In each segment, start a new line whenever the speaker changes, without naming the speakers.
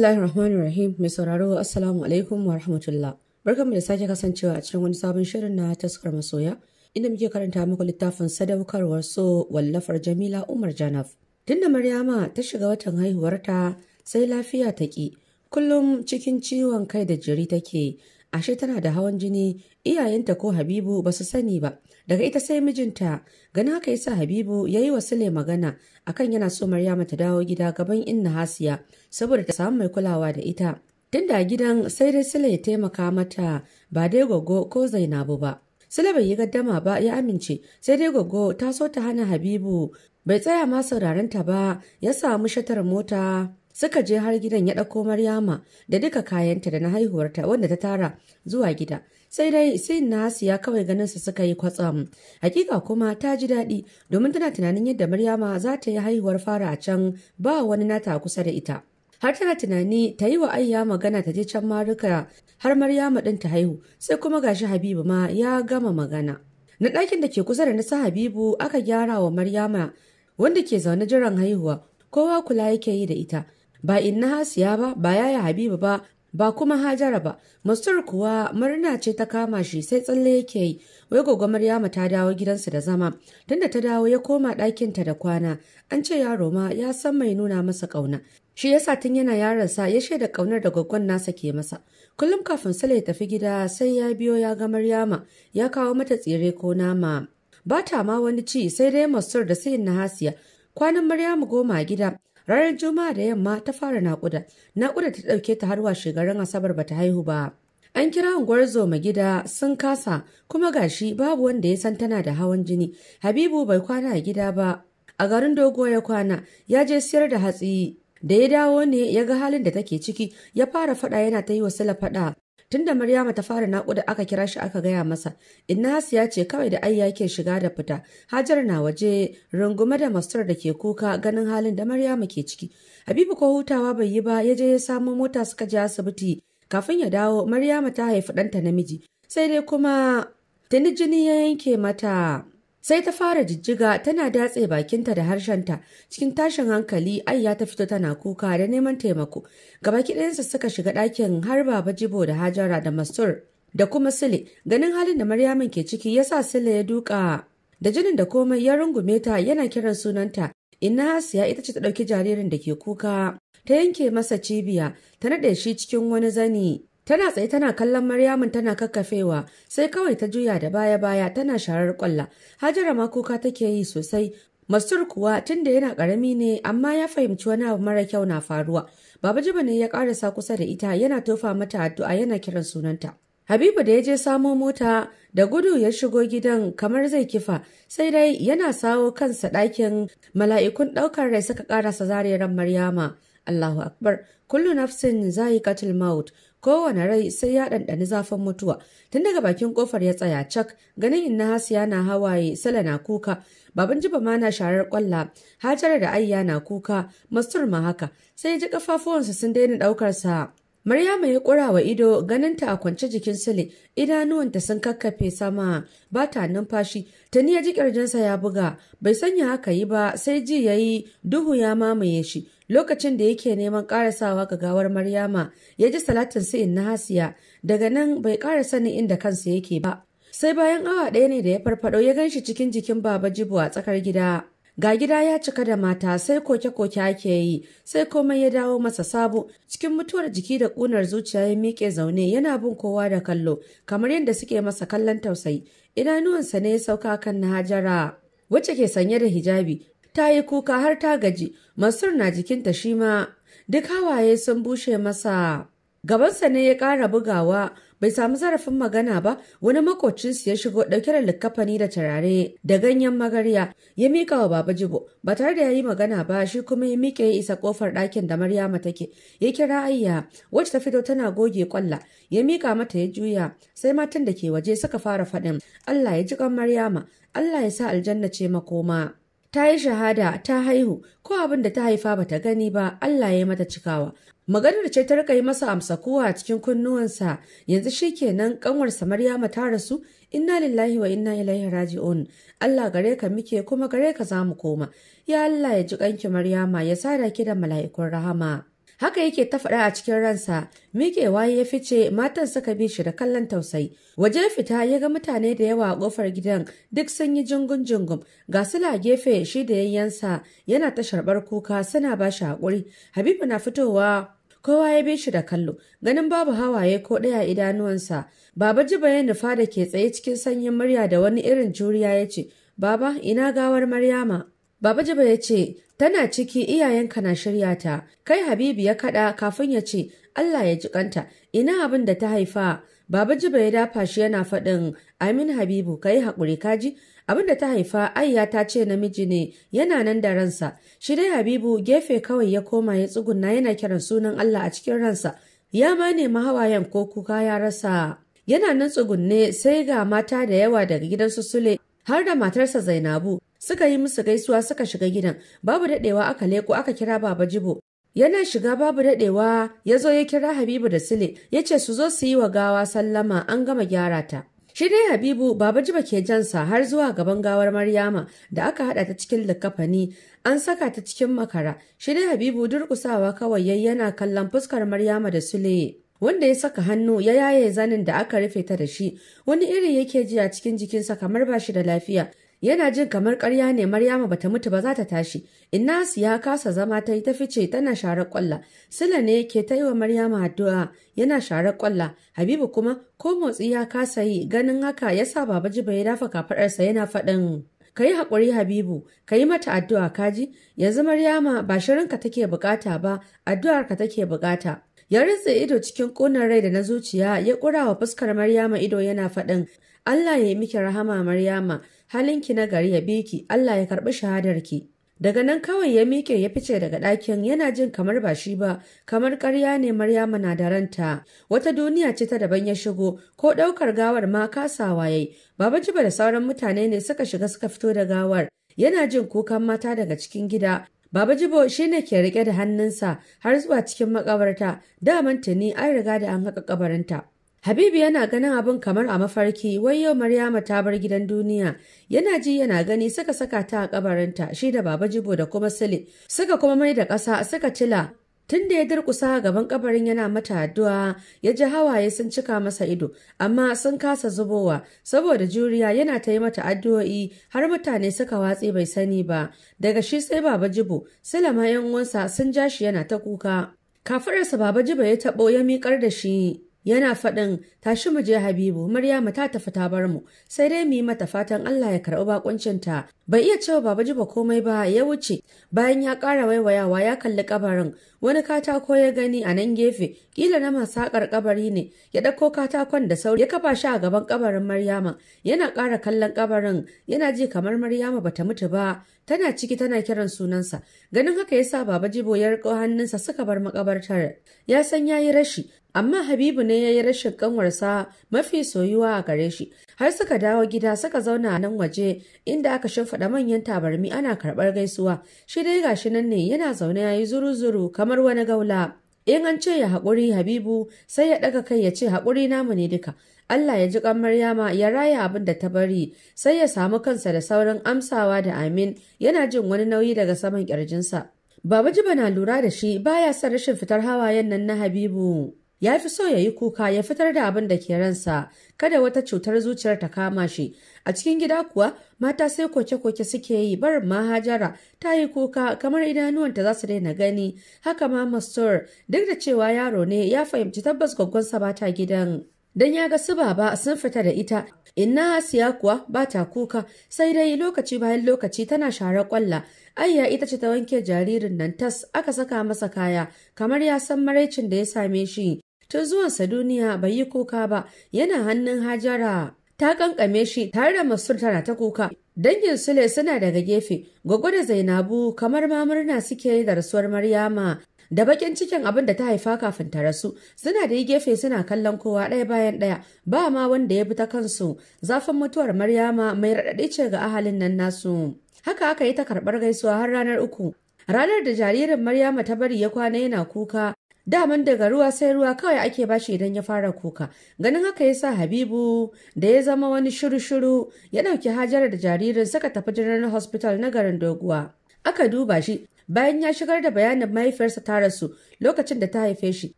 Bismillahir Rahmanir Rahim mai sauraro Assalamu alaikum wa rahmatullah. Barkanmu da sake kasancewa a cikin wani sabon shirin na taskar masoya inda muke karanta muku littafin sadaukarwar so wallafar Jamila Umar Janaf. Tunda Maryama ta shiga watan haihuwarta sai lafiya ta ki. Kullum cikin ciwon kai da jiri take ashe tana da hawan jini iyayenta ko habibu ba su sani ba daga ita sai mijinta gani haka yasa habibu ya yi wa sule magana akan yana so maryama ta dawo gida gaban inna hasiya saboda ta samu mai kulawa da ita tun da gidan sai dai sule ya taimaka mata ba dai gogo ko zainabu ba sule bai yi gaddama ba ya amince sai dai gogo ta so ta hana habibu bai tsaya ma sauraron ta ba ya samu shatar mota Suka je har gidan ya ɗauko Maryama da duka kayanta da na haihuwarta wanda ta tara zuwa gida. Sai dai sai Nasiya kawai ganinsa suka yi kwatsam. Hakika kuma ta ji daɗi domin tana tunanin yadda Maryama za ta yi haihuwar fara a can ba wani nata kusa da ita. har tana tunani ta yi wa ayya magana ta je can maruka har maryama ɗin ta haihu sai kuma gashi habibu ma ya gama magana na ɗakin da ke kusa da nasa habibu aka gyara wa maryama wanda ke zaune jiran haihuwa kowa kula yake yi da ita ba inna hasiya ba ba yaya habiba ba ba kuma hajara ba mastur kuwa murna ce ta kama shi sai tsalle yake yi wai gogo maryama ta dawo gidansa da zama tunda ta dawo ya koma ɗakinta da kwana an ce yaro ma ya san mai nuna masa ƙauna shi yasa tun yana yaron sa ya shaida ƙaunar da gwaggon nasa ke masa kullum kafin sale ya tafi gida sai ya biyo ya ga maryama ya kawo mata tsire ko nama ba ta ma wani ci sai dai mastur da sayin na hasiya kwanan maryamu goma a gida Ranar Juma'a da yamma ta fara naƙuda. Naƙuda ta ɗauke ta har washegarin Asabar bata haihu ba. An kira unguwar zoma gida sun kasa kuma gashi babu wanda ya san tana da hawan jini. Habibu bai kwana a gida ba. A garin Dogo ya kwana, ya je siyar da hatsi. Da ya dawo ne ya ga halin da take ciki, ya fara faɗa yana ta yi wa Sala faɗa. tun da Maryama ta fara nakuda aka kira shi aka gaya masa, inna Hasiya ce kawai da ai yake shiga da fita, Hajar na waje rungume da mastar da ke kuka ganin halin da Maryama ke ciki. Habibu ko hutawa bai yi ba ya je ya samo mota suka je asibiti kafin ya dawo Maryama ta haifi ɗanta namiji. Sai dai kuma tuni jini ya yanke mata. Sai ta fara jijjiga tana datse bakinta da harshenta cikin tashin hankali ayya ta fito tana kuka da neman taimako. Gaba ɗayansa suka shiga ɗakin har baba jibo da hajara da mastur da kuma sile ganin halin da Maryamin ke ciki ya sa sile ya duka da jinin da komai ya rungume ta yana kiran sunanta ina hasiya ita ce ta ɗauki jaririn da ke kuka ta yanke masa cibiya ta naɗe shi cikin wani zani Tana tsaye tana kallon Maryamun tana kakkafewa sai kawai ta juya da baya-baya tana sharar kwalla. Hajara ma kuka take yi sosai. Mastur kuwa tunda yana karami ne amma ya fahimci wani abu mara kyau na faruwa. Baba Jiba ne ya karasa kusa da ita yana tofa mata addu'a yana kiran sunanta. Habibu da ya je samo mota da gudu ya shigo gidan kamar zai kifa sai dai yana sawo kansa ɗakin mala'ikun ɗaukar rai suka zare zariran Maryama. Allahu Akbar, kullu nafsin za'iqatul maut, kowane rai sai ya ɗanɗani zafin mutuwa. Tun daga bakin kofar ya tsaya cak, ganin inna hasiya na hawaye, sala na kuka, baban jiba ma na sharar kwalla, hajara da ayya na kuka, mastur ma haka, sai ji kafafuwansa sun daina ɗaukar sa. Maryama ya ƙura wa ido ganinta a kwance jikin sule, idanuwanta sun kakkafe sama ba ta numfashi, Tani ya ji ƙirjinsa ya buga, bai sanya haka yi ba sai ji ya yi duhu ya mamaye shi, lokacin da yake neman karasawa ga gawar Maryama ya ji salatin su na hasiya daga nan bai ƙara sanin inda kansa yake ba. Sai bayan awa ɗaya ne da ya farfado ya ganshi cikin jikin Baba Jibo a tsakar gida. Ga gida ya cika da mata sai koke-koke ake yi sai komai ya dawo masa sabo cikin mutuwar jiki da ƙunar zuciya ya miƙe zaune yana bin kowa da kallo kamar yadda suke masa kallon tausayi idanuwansa ne ya sauka kan na Hajara. wacce ke sanye da hijabi ta yi kuka har ta gaji masur na jikinta shi ma duk hawaye sun bushe masa gabansa ne ya ƙara bugawa bai samu zarafin magana ba wani makocinsu ya shigo ɗauke da likkafani da tarare da ganyen magarya ya mika wa baba jibo ba tare da ya yi magana ba shi kuma ya mike ya isa kofar ɗakin da maryama take ya kira ayya wacce ta fito tana goge kwalla ya mika mata ya juya sai matan da ke waje suka fara faɗin allah ya ji kan maryama allah ya sa aljanna ce makoma ta yi shahada ta haihu ko abin da ta haifa bata gani ba Allah ya mata cikawa maganar ce ta rika yi masa amsa kowa a cikin kunnuwansa yanzu shi kenan kanwar Maryama ta rasu inna lillahi wa inna ilaihi raji'un Allah gare ka muke kuma gare ka zamu koma ya Allah ya ji kanki Maryama ya sada ki da mala'ikun rahama Haka yake ta faɗa a cikin ransa, miƙewa ya fice matan suka bi shi da kallon tausayi. Waje fita ya ga mutane da yawa a ƙofar gidan duk sun yi jingun-jingun, ga sula gefe shi da yayyansa yana ta sharbar kuka suna ba shi haƙuri. Habibu na fitowa kowa ya bi shi da kallo ganin babu hawaye ko ɗaya idanuwansa baba jiba ya nufa da ke tsaye cikin sanyin murya da wani irin juriya ya ce baba ina gawar maryama Baba Jibril ya ce, Tana ciki iyayenka na shirya ta, kai Habibu ya kaɗa kafin ya ce, Allah ya jikanta, ina abin da ta haifa. Baba Jibril ya dafa shi yana faɗin, Amin Habibu, ka yi haƙuri kaji? Abin da ta haifa, Ayya ta ce namiji ne, yana nan da ransa. Shi dai Habibu gefe kawai ya koma ya tsugunna yana kiran sunan Allah a cikin ransa. Ya ma nema hawayen ko kuka ya rasa. Yana nan tsugunne sai ga mata da yawa daga gidan su Sule har da matarsa Zainabu Suka yi musu gaisuwa suka shiga gidan, babu daɗewa aka leko aka kira Baba Jibo. Yana shiga babu daɗewa ya zo ya kira Habibu da Sule, ya ce su zo su yi wa gawa sallama an gama gyara ta. Shi dai Habibu Baba Jiba ke jansa har zuwa gaban gawar Maryama da aka haɗa ta cikin likkafani an saka ta cikin makara. Shi dai Habibu durƙusawa kawai yayi yana kallon fuskar Maryama da Sule. wanda ya saka hannu ya yaye zanin da aka rufe ta da shi wani iri yake ji a cikin jikinsa kamar ba shi da lafiya yana jin kamar karya ne Maryama bata mutu ba za ta tashi Innasu ya kasa zama ta yi ta fice tana sharar kwalla Sila ne ke ta yi wa Maryama addu'a yana sharar kwalla Habibu kuma ko motsi ya kasa yi ganin haka yasa Baba Jiba ya dafa kafaɗarsa yana faɗin ka yi haƙuri habibu ka yi mata addu'a kaji yanzu maryama ba shirin ka take bukata ba addu'arka take bukata ya rintse ido cikin ƙunar rai da na zuciya ya ƙura wa fuskar maryama ido yana faɗin allah ya yi miki rahama maryama halinki na gari ya bi ki Allah ya karɓi shahadarki. Daga nan kawai ya miƙe ya fice daga ɗakin yana jin kamar ba shi ba, kamar ƙarya ne Maryama na da ranta. Wata duniya ce ta daban ya shigo, ko ɗaukar gawar ma kasawa yayi. Baba Jiba da sauran mutane ne suka shiga suka fito da gawar. Yana jin kukan mata daga cikin gida. Baba Jibo shi ne ke riƙe da hannunsa har zuwa cikin makabarta, daman tuni an riga da an haƙa kabarinta. Habibu yana ganin abin kamar a mafarki wai yau Maryama ta bar gidan duniya yana ji yana gani suka saka ta a kabarinta shi da baba jibo da kuma sile suka kuma mai da ƙasa suka tila. tun da ya durkusa gaban kabarin yana mata addu'a ya ji hawaye sun cika masa ido amma sun kasa zubowa saboda juriya yana ta yi mata addu'o'i har mutane suka watsi bai sani ba daga shi sai baba jibo ma yan uwansa sun ja shi yana ta kuka kafaɗarsa baba jibo ya taɓo ya miƙar da shi yana faɗin tashi mu je Habibu Maryama ta tafi ta bar mu sai dai mu yi mata fatan Allah ya karɓi bakuncin bai iya cewa baba ba komai ba ya wuce bayan ya ƙara waiwayawa ya kalli ƙabarin. wani katako ya gani a nan gefe kila na masakar kabari ne ya ɗauko katakon da sauri ya kafa shi a gaban kabarin maryama yana ƙara kallon kabarin yana ji kamar maryama bata mutu ba tana ciki tana kiran sunansa ganin haka ya sa baba jibo ya riko hannunsa suka bar makabartar ya san yayi rashi amma habibu ne ya yi rashin kanwarsa mafi soyuwa a gare shi har suka dawo gida suka zauna a nan waje inda aka shimfiɗa manyan tabarmi ana karɓar gaisuwa shi dai gashi nan ne yana zaune yayi zuru-zuru kamar wani gaula in an ce ya haƙuri habibu sai ya ɗaga kai ya ce haƙuri namu ne duka Allah ya ji kan Maryama ya raya abin da ta bari sai ya samu kansa da sauran amsawa da amin yana jin wani nauyi daga saman ƙirjinsa. Baba Jiba na lura da shi baya son rashin fitar hawayen nan na Habibu. ya fi so ya yi kuka ya fitar da abin da ke ransa kada wata cutar zuciyar ta kama shi a cikin gida kuwa mata sai koke-koke suke yi barin mahajara. ta yi kuka kamar idanuwanta za su daina gani haka ma mastur duk da cewa yaro ne ya fahimci tabbas gwaggonsa ba ta gidan dan ya ga su baba sun fita da ita inna siya kuwa ba ta kuka sai dai lokaci bayan lokaci tana shara kwalla ayya ita ce ta wanke jaririn nan tas aka saka masa kaya kamar ya san maraicin da ya same shi tun zuwansa duniya bai yi kuka ba yana hannun hajara ta kankame shi tare da masu tana ta kuka dangin sule suna daga gefe gwaggo da zainabu kamar ma murna suke da rasuwar maryama da bakin cikin abin da ta haifa kafin ta rasu suna da yi gefe suna kallon kowa ɗaya bayan ɗaya ba ma wanda ya bi ta kansu zafin mutuwar maryama mai raɗaɗi ce ga ahalin nan nasu haka aka yi ta karɓar gaisuwa har ranar uku ranar da jaririn maryama ta bari ya kwana yana kuka daman daga ruwa sai ruwa kawai ake bashi idan ya fara kuka ganin haka ya sa habibu da ya zama wani shiru-shiru ya ɗauki hajara da jaririn suka tafi general hospital na garin doguwa aka duba shi bayan ya shigar da bayanin mahaifiyarsa ta rasu lokacin da ta haife shi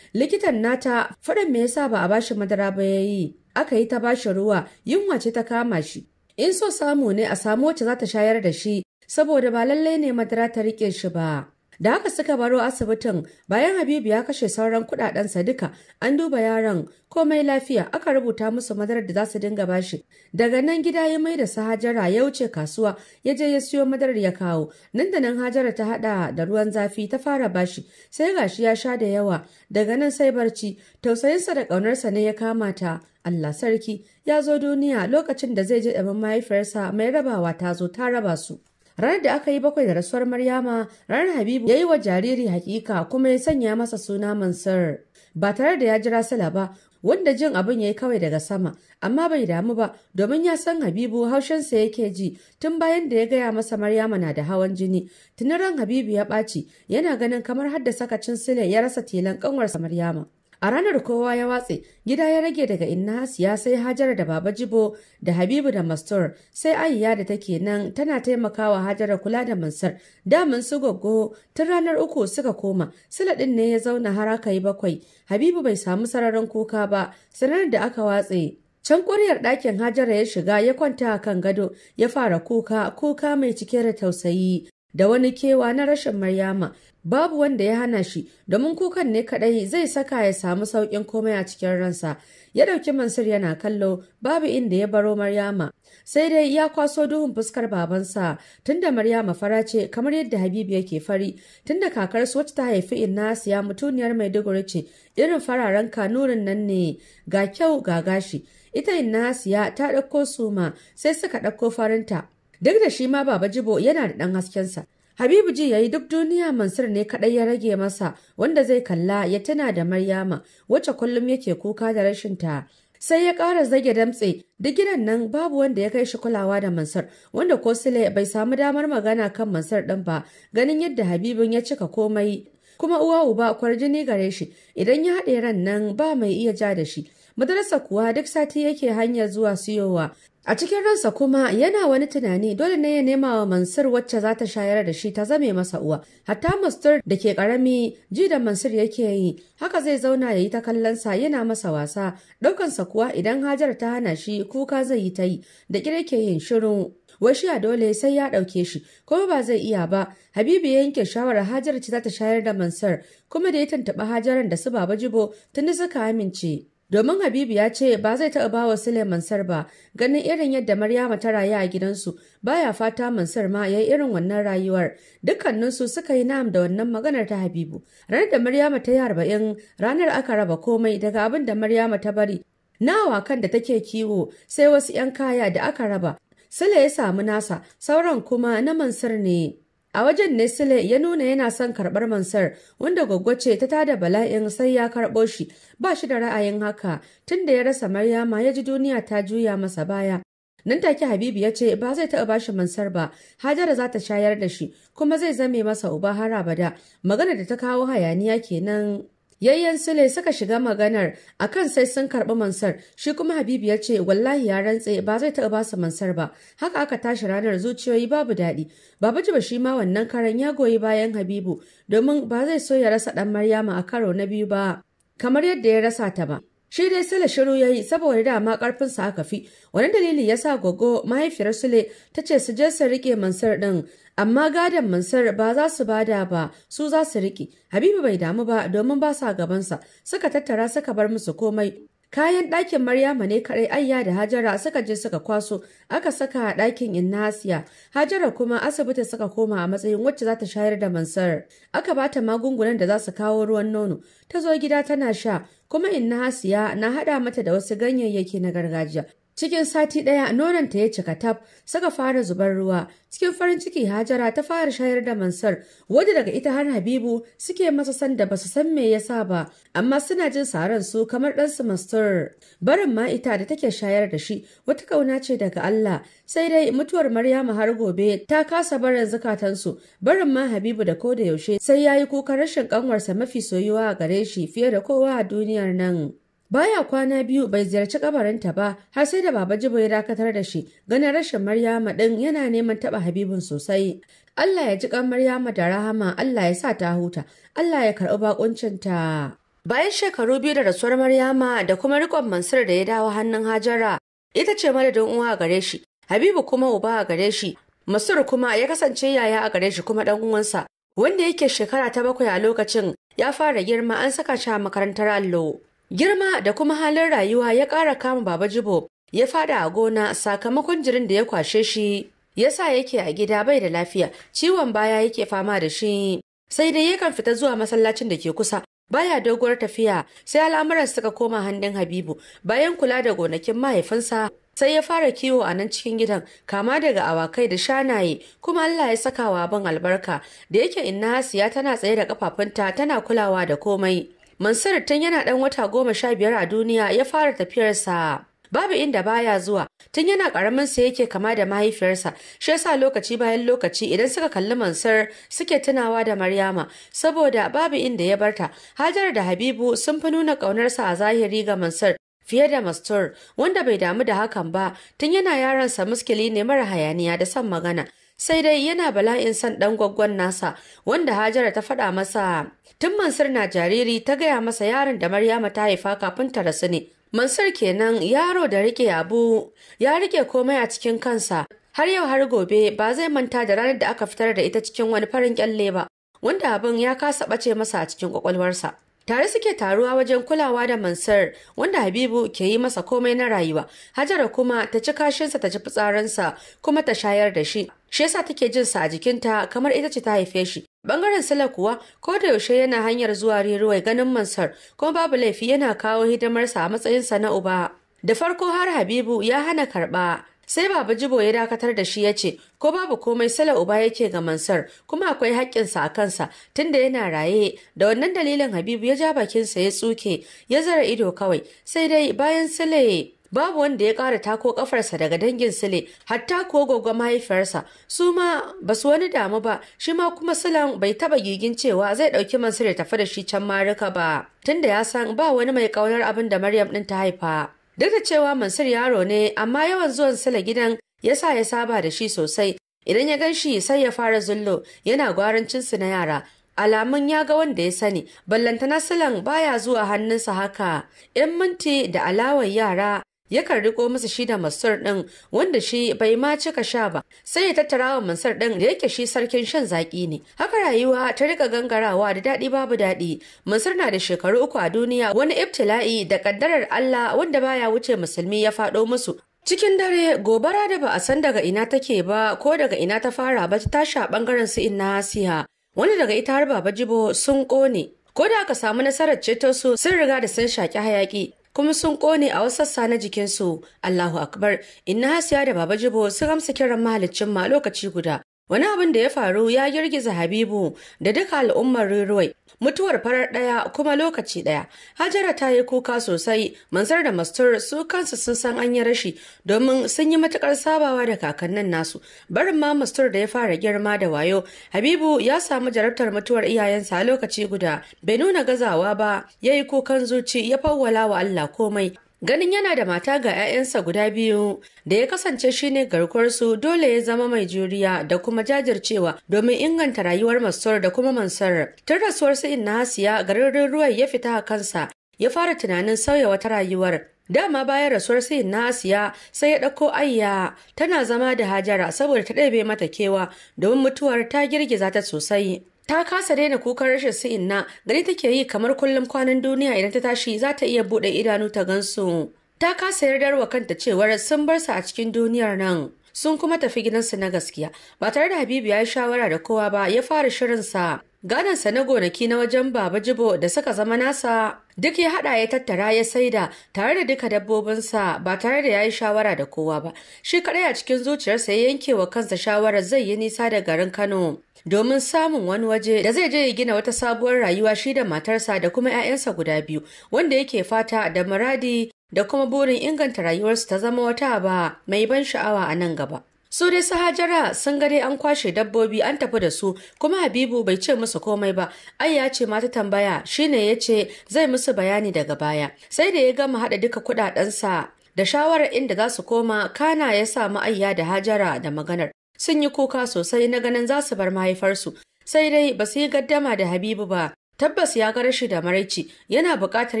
likitan nata faɗin me yasa ba a bashi madara ba ya yi aka yi ta bashi ruwa yunwa ce ta kama shi in so samu ne a samu wacce za ta shayar da shi saboda ba lallai ne madara ta rike shi ba Da haka suka baro asibitin bayan Habibu ya kashe sauran sa duka an duba yaron komai lafiya aka rubuta musu madarar da za su dinga bashi. Daga nan gida ya mai da su Hajara ya wuce kasuwa ya je ya siyo madarar ya kawo. Nan da nan Hajara ta haɗa da ruwan zafi ta fara bashi sai gashi ya sha da yawa daga nan sai barci tausayinsa da ƙaunarsa ne ya kama ta. Allah sarki ya zo duniya lokacin da zai je ɗaban mahaifiyarsa mai rabawa ta zo ta raba su. Ranar da aka yi bakwai da rasuwar Maryama, ranar Habibu ya yi wa jariri hakika kuma ya sanya masa suna Mansur. Ba tare da ya jira sala ba, wanda jin abin ya yi kawai daga sama, amma bai damu ba domin ya san Habibu haushinsa yake ji tun bayan da ya gaya masa Maryama na da hawan jini. ran Habibu ya ɓaci yana ganin kamar haddasa kacin sile ya rasa tilan ƙanwarsa Maryama. A ranar kowa ya watse, gida ya rage daga inna ya sai Hajara da Baba Jibo da Habibu da Mastur, sai Ayya da take nan tana taimakawa Hajara kula da mansar Damin su goggo tun ranar uku suka koma, ɗin ne ya zauna har aka yi bakwai. Habibu bai samu sararin kuka ba, sanar da aka watse. Can ƙuryar ɗakin Hajara ya shiga ya kwanta a kan gado, ya fara kuka, kuka mai cike da tausayi. Da wani kewa na rashin Maryama, babu wanda ya hana shi domin kukan ne kadai zai saka ya samu saukin komai a cikin ransa ya dauki mansur yana kallo babu inda ya baro maryama sai dai ya kwaso duhun fuskar babansa tunda maryama fara ce kamar yadda habibu yake fari tunda kakar su wacce ta haifi innasiya mutuniyar maiduguri ce irin fararen kanurin nan ne ga kyau ga gashi ita innasiya ta ɗauko suma sai suka ɗauko farinta duk da shi ma baba jibo yana da ɗan haskensa Habibu ji yayi duk duniya Mansur ne kaɗai ya rage masa wanda zai kalla ya tana da Maryama wacce kullum yake kuka da rashin ta. Sai ya ƙara zage damtse duk gidan nan babu wanda ya kai shi kulawa da Mansur wanda ko Sule bai samu damar magana kan Mansur ɗin ba ganin yadda Habibun ya cika komai kuma uwa uba kwarjini gare shi idan ya haɗe ran nan ba mai iya ja da shi madarasa kuwa duk sati yake hanyar zuwa siyowa a cikin ransa kuma yana wani tunani dole ne ya nema wa mansur wacce za ta shayar da shi ta zame masa uwa hatta mastur da ke karami ji da mansur yake yi haka zai zauna ya yi ta kallonsa yana masa wasa ɗaukansa kuwa idan hajar ta hana shi kuka zai yi ta yi da kira ke yin shirin washi a dole sai ya ɗauke shi kuma ba zai iya ba habibu ya yanke shawarar hajar ce za ta shayar da mansur kuma da ya tantaɓa hajaran da su baba jibo tuni suka amince Domin Habibu ya ce ba zai taɓa bawa Sule Mansar ba, ganin irin yadda Maryama ta rayu a gidansu, baya fata Mansar ma ya yi irin wannan rayuwar. Dukkaninsu suka yi nam da wannan maganar ta Habibu. Ranar da Maryama ta yi arba'in, ranar aka raba komai daga abin da Maryama ta bari. Nawa kan da take kiwo, sai wasu 'yan kaya da aka raba. Sule ya samu nasa, sauran kuma na Mansar ne. A wajen nesile ya nuna yana son karɓar Mansar wanda ce ta tada bala'in sai ya karɓo shi ba shi da ra'ayin haka tunda ya rasa Maryama ya ji duniya ta juya masa baya. Nan take Habibu ya ce ba zai taɓa bashi Mansar ba, Hajara za ta shayar da shi kuma zai zame masa uba har abada. Magana da ta kawo hayaniya kenan Yayyan Sule suka shiga maganar akan sai sun karɓi Mansar, shi kuma Habibu ya ce wallahi ya rantse ba zai taɓa basu Mansar ba. Haka aka tashi ranar zuciyoyi babu daɗi. babu Jiba shi ma wannan karan ya goyi bayan Habibu domin ba zai so ya rasa ɗan Maryama a karo na biyu ba. Kamar yadda ya rasa ta ba. Shi dai Sule shiru ya yi saboda dama ƙarfinsa aka fi, wani dalili ya sa gogo mahaifiyar Sule ta ce su je su riƙe Mansar ɗin, amma gadon Mansar ba za su bada ba su za su riƙe. Habibu bai damu ba domin ba sa gabansa, suka tattara suka bar musu komai Kayan ɗakin Maryama ne kaɗai Ayya da Hajara suka je suka kwaso aka saka a ɗakin Innasiya. Hajara kuma asibiti suka koma a matsayin wacce za ta shayar da Mansar. Aka ba ta magungunan da za su kawo ruwan nono. Ta zo gida tana sha kuma Innasiya na haɗa mata da wasu ganyayyaki na gargajiya. Cikin sati ɗaya nononta ya cika tab saka fara zubar ruwa. Cikin farin ciki Hajara ta fara shayar da Mansar, wadda daga ita har Habibu suke masa san da basu san me yasa ba, amma suna jin saran su kamar ɗansu Mansur. Barin ma ita da take shayar da shi wata kauna ce daga Allah, sai dai mutuwar maryama har gobe ta kasa barin su. barin ma Habibu da ko da yaushe sai yayi kuka rashin kanwarsa mafi soyuwa a gare shi fiye da kowa a duniyar nan. Baya kwana biyu bai ziyarci kabarinta ba har sai da Baba Jibo ya dakatar da shi ganin rashin Maryama din yana neman taba Habibin sosai. Allah ya ji kan Maryama da rahama Allah ya sa ta huta Allah ya karɓi bakuncinta. Bayan shekaru biyu da rasuwar Maryama da kuma rikon Mansur da ya dawo hannun Hajara ita ce madadin uwa a gare shi Habibu kuma uba a gare shi Masur kuma ya kasance yaya a gare shi kuma ɗan uwansa wanda yake shekara ta bakwai a lokacin ya fara girma an saka shi a makarantar allo Girma da kuma halin rayuwa ya ƙara kama Baba Jibo ya fada a gona sakamakon jirin da ya kwashe shi yasa yake a gida bai da lafiya ciwon baya yake fama da shi sai dai yakan fita zuwa masallacin da ke kusa baya doguwar tafiya sai al'amuran suka koma hannun Habibu bayan kula da gonakin mahaifinsa sai ya fara kiwo a nan cikin gidan kama daga awakai da shanaye kuma Allah ya saka wa abin albarka da yake inna Hasiya tana tsaye da kafafunta tana kulawa da komai Mansur tun yana ɗan wata goma sha biyar a duniya ya fara tafiyarsa. Babu inda baya zuwa, tun yana ƙaramin sa yake kama da mahaifiyarsa, shi yasa lokaci bayan lokaci idan suka kalli Mansur suke tunawa da Maryama, saboda babu inda ya barta. Hajar da Habibu sun fi nuna ƙaunarsa a zahiri ga Mansur fiye da Mastur, wanda bai damu da hakan ba, tun yana yaransa muskili ne mara hayaniya da son magana. sai dai yana bala'in son ɗan gwaggon nasa wanda Hajara ta faɗa masa tun Mansur na jariri ta gaya masa yaron da Maryama ta haifa kafin ta rasu ne Mansur kenan yaro da rike abu ya rike komai a cikin kansa har yau har gobe ba zai manta da ranar da aka fitar da ita cikin wani farin kyalle ba wanda abin ya kasa ɓace masa a cikin kwakwalwarsa Tare suke taruwa wajen kulawa da Mansar wanda Habibu ke yi masa komai na rayuwa. Hajara kuma ta ci kashinsa ta ci fitsarinsa kuma ta shayar da shi. Shi yasa take jin sa a jikinta kamar ita ce ta haife shi. Bangaren Sala kuwa ko da yaushe yana hanyar zuwa Riruwai ganin Mansar kuma babu laifi yana kawo hidimarsa a matsayinsa na uba. Da farko har Habibu ya hana karɓa sai baba jibo ya dakatar da shi ya ce ko babu komai sala uba yake ga mansar kuma akwai haƙƙinsa a kansa tunda yana raye da wannan dalilin habibu ya ja bakinsa ya tsuke ya zara ido kawai sai dai bayan sale babu wanda ya ƙara tako ƙafarsa daga dangin sile hatta ko gwagwa mahaifiyarsa su ma ba su wani damu ba shi ma kuma silan bai taba gigin cewa zai ɗauki mansur ya tafi da shi can marika ba tunda ya san ba wani mai ƙaunar abin da maryam ɗin ta haifa Duk da cewa Mansur yaro ne, amma yawan zuwan sala gidan ya sa ya saba da shi sosai. Idan ya gan shi sai ya fara zullo, yana su na yara. Alamun ya ga wanda ya sani, ballantana silan baya zuwa hannunsa haka. ‘Yan minti da alawar yara yakan riko masa shi da masar ɗin wanda shi bai ma cika sha ba sai ya tattara wa masar ɗin da yake shi sarkin shan zaƙi ne haka rayuwa ta rika gangarawa da daɗi babu daɗi masar na da shekaru uku a duniya wani ibtila'i da kaddarar Allah wanda baya wuce musulmi ya faɗo musu Cikin dare gobara da ba a san daga ina take ba ko daga ina ta fara ba ta tashi a bangaren su inna Asiya Wani daga ita har Baba Jibo sun kone ko da aka samu nasarar ceto su sun riga da sun shaki hayaki kuma sun kone a wasu sassa na jikinsu Allahu Akbar inna hasiya da baba jibo su gamsu kiran mahaliccin ma lokaci guda wani abin da ya faru ya girgiza Habibu da duka al'ummar Riruwai mutuwar farar ɗaya kuma lokaci ɗaya hajara ta yi kuka sosai mansar da mastur su kansu sun san an yi rashi domin sun yi matukar sabawa da kakannin nasu barin ma mastur da ya fara girma da wayo habibu ya samu jarabtar mutuwar iyayensa a lokaci guda bai nuna gazawa ba ya yi kukan zuci ya fawwala wa allah komai Ganin yana da mata ga 'ya'yansa guda biyu da ya kasance shi ne garkuwarsu dole ya zama mai juriya da kuma jajircewa domin inganta rayuwar Masar da kuma Mansar. Tun rasuwar sa'in na Hasiya garin ruwan ya fita a kansa ya fara tunanin sauya wata rayuwar. Dama bayan rasuwar sa'in na sai ya ɗauko ayya tana zama da Hajara saboda ta ɗabe mata kewa domin mutuwar ta girgiza ta sosai. ta kasa daina kukan rashin su inna gani take yi kamar kullum kwanan duniya idan ta tashi za ta iya buɗe idanu ta gansu ta kasa yardar wa kanta cewar sun bar su a cikin duniyar nan sun kuma tafi gidansu na gaskiya ba tare da habibu ya yi shawara da kowa ba ya fara shirinsa Gadonsa na gonaki na wajen Baba Jibo da suka zama nasa duk ya hada ya tattara ya saida tare da duka dabbobinsa ba tare da ya yi shawara da kowa ba. Shi kadai a cikin zuciyarsa ya yanke wa kansa shawarar zai yi nisa da garin Kano domin samun wani waje da zai je ya gina wata sabuwar rayuwa shi da matarsa da kuma 'ya'yansa guda biyu wanda yake fata da muradi da kuma burin inganta rayuwarsu ta zama wata ba mai ban sha'awa a nan gaba. su dai su hajara sun ga dai an kwashe dabbobi an tafi da su kuma habibu bai ce musu komai ba ai ya ce mata tambaya shine ya ce zai musu bayani daga baya sai da ya gama hada duka kudadensa da shawarar inda za su koma kana ya samu ayya da hajara da maganar sun yi kuka sosai na ganin za su bar mahaifarsu sai dai ba su yi gaddama da habibu ba tabbas ya ga rashi da maraici yana buƙatar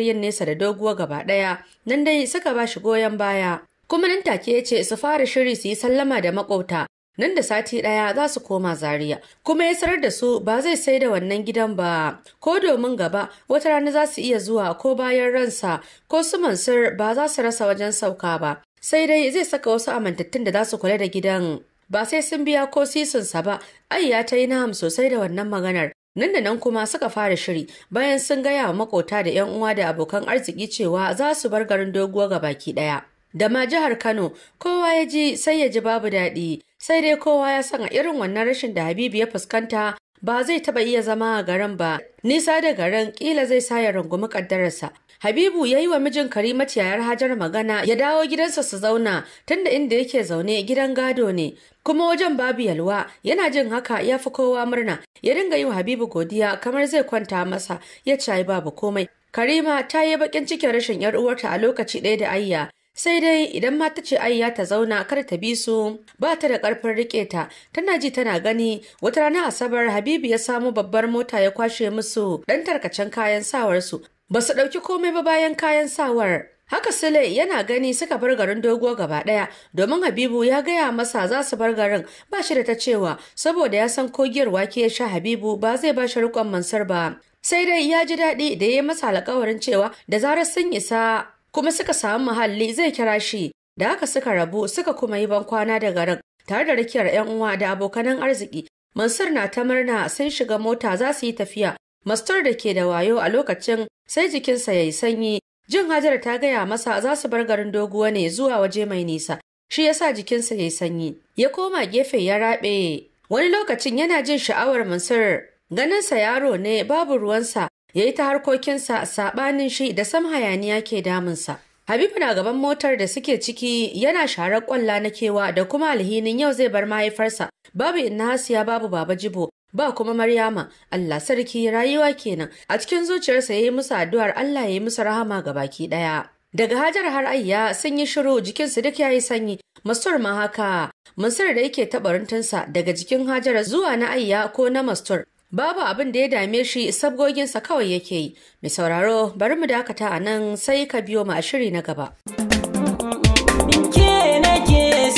yin nesa da doguwa gaba ɗaya nan dai suka ba shi goyon baya kuma nan take ya ce su fara shiri su yi sallama da makauta nan da sati ɗaya za su koma zaria kuma ya sayar da su ba zai sai da wannan gidan ba ko domin gaba wata rana za su iya zuwa ko bayan ransa ko su mansur ba za su rasa wajen sauka ba sai dai zai saka wasu amintattun da za su kula da gidan ba sai sun biya ko sisinsa ba ai ya ta yi naham sosai da wannan maganar nan da nan kuma suka fara shiri bayan sun gaya wa makota da 'yan uwa da abokan arziki cewa za su bar garin doguwa ga baki ɗaya da ma jihar Kano kowa ya ji sai ya ji babu daɗi sai dai kowa ya san a irin wannan rashin da Habibu ya fuskanta ba zai taɓa iya zama a garin ba nisa da garin kila zai sa ya rungumi kaddararsa Habibu ya yi wa mijin Karima ciyayar Hajar magana ya dawo gidansa su zauna tunda inda yake zaune gidan gado ne kuma wajen babu yalwa yana jin haka ya fi kowa murna ya dinga yi wa Habibu godiya kamar zai kwanta masa ya ci babu komai Karima ta yi bakin cikin rashin yar uwarta a lokaci ɗaya da Ayya sai dai idan mata ce ayya ta zauna kar ta bi su ba ta da karfin rike ta tana ji tana gani wata rana asabar habibu ya samu babbar mota ya kwashe musu dan tarkacen kayan sawar su ba su ɗauki komai ba bayan kayan sawar Haka Sule yana gani suka bar garin dogo gaba ɗaya domin Habibu ya gaya masa za su bar garin ba shi da ta cewa saboda ya san kogiyar wake ya sha Habibu ba zai ba shi rikon mansar ba. Sai dai ya ji daɗi da ya yi masa alƙawarin cewa da zarar sun isa kuma suka samu muhalli zai kira shi da haka suka rabu suka kuma yi bankwana da garin tare da rakiyar 'yan uwa da abokanan arziki mansur na ta murna sun shiga mota za su yi tafiya mastur da ke da wayo a lokacin sai jikinsa ya yi sanyi jin Hajara ta gaya masa za su bar garin doguwa ne zuwa waje mai nisa shi yasa jikinsa ya yi sanyi ya koma gefe ya raɓe wani lokacin yana jin sha'awar mansur ganinsa yaro ne babu ruwansa ya yi ta harkokinsa saɓanin shi da sam hayaniya ke damunsa. Habibu na gaban motar da suke ciki yana sharar kwalla na kewa da kuma alhinin yau zai bar mahaifarsa. Babu inna hasiya babu baba jibo ba kuma Maryama Allah sarki rayuwa kenan a cikin zuciyarsa ya yi musu addu'ar Allah ya yi musu rahama ga baki ɗaya. Daga Hajar har Ayya sun yi shiru jikinsu duk yi sanyi Mastur ma haka Mastur da yake taɓa runtunsa daga jikin Hajara zuwa na Ayya ko na Mastur babu abin da ya dame shi sabgoginsa kawai yake yi mai sauraro bari mu dakata a nan sai ka biyo mu a shiri na gaba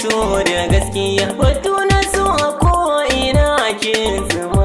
so da gaskiya ke